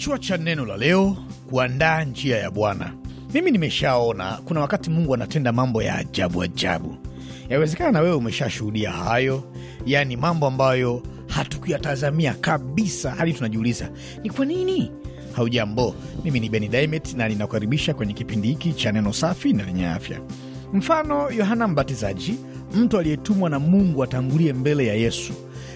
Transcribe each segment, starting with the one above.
Kichwa cha neno la leo: kuandaa njia ya Bwana. Mimi nimeshaona kuna wakati Mungu anatenda mambo ya ajabu ajabu. Yawezekana na wewe umeshashuhudia hayo, yaani mambo ambayo hatukuyatazamia kabisa, hadi tunajiuliza ni kwa nini. Haujambo, mimi ni Beni Daimet na ninakukaribisha kwenye kipindi hiki cha neno safi na lenye afya. Mfano, Yohana Mbatizaji, mtu aliyetumwa na Mungu atangulie mbele ya Yesu,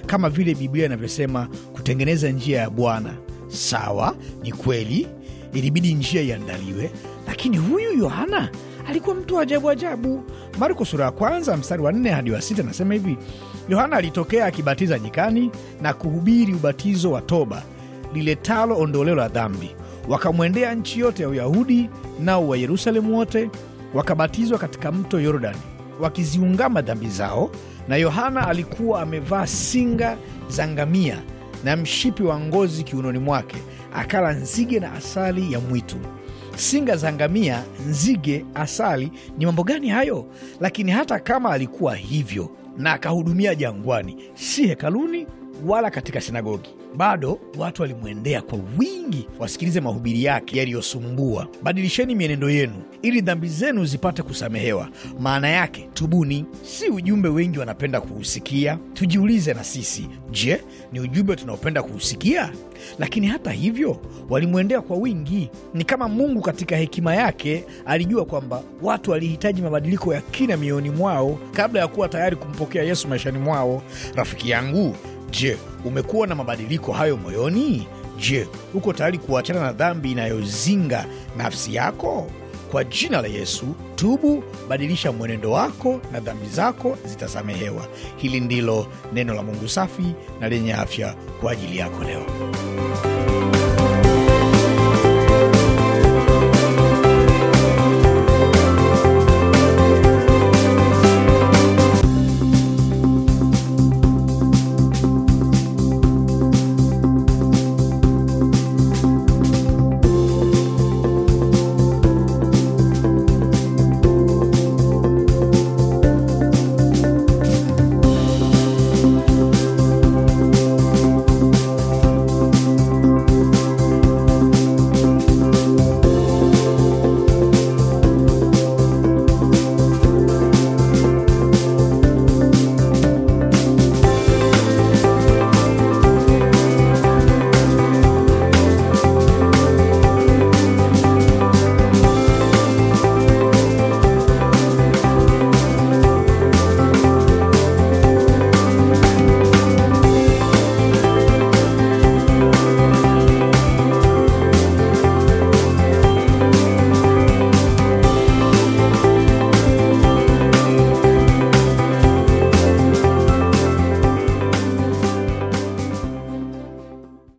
kama vile Biblia inavyosema, kutengeneza njia ya Bwana. Sawa, ni kweli ilibidi njia iandaliwe, lakini huyu Yohana alikuwa mtu ajabu ajabu. Marko sura ya kwanza mstari wa nne hadi wa sita nasema hivi: Yohana alitokea akibatiza nyikani na kuhubiri ubatizo wa toba liletalo ondoleo la dhambi. Wakamwendea nchi yote ya Uyahudi nao wa Yerusalemu wote, wakabatizwa katika mto Yordani, wakiziungama dhambi zao. Na Yohana alikuwa amevaa singa za ngamia na mshipi wa ngozi kiunoni mwake, akala nzige na asali ya mwitu. Singa za ngamia, nzige, asali, ni mambo gani hayo? Lakini hata kama alikuwa hivyo na akahudumia jangwani, si hekaluni? wala katika sinagogi. Bado watu walimwendea kwa wingi wasikilize mahubiri yake yaliyosumbua. Badilisheni mienendo yenu ili dhambi zenu zipate kusamehewa, maana yake tubuni. Si ujumbe wengi wanapenda kuusikia. Tujiulize na sisi, je, ni ujumbe tunaopenda kuusikia? Lakini hata hivyo walimwendea kwa wingi. Ni kama Mungu katika hekima yake alijua kwamba watu walihitaji mabadiliko ya kina mioyoni mwao kabla ya kuwa tayari kumpokea Yesu maishani mwao. Rafiki yangu, Je, umekuwa na mabadiliko hayo moyoni? Je, uko tayari kuachana na dhambi inayozinga nafsi yako? Kwa jina la Yesu, tubu, badilisha mwenendo wako na dhambi zako zitasamehewa. Hili ndilo neno la Mungu safi na lenye afya kwa ajili yako leo.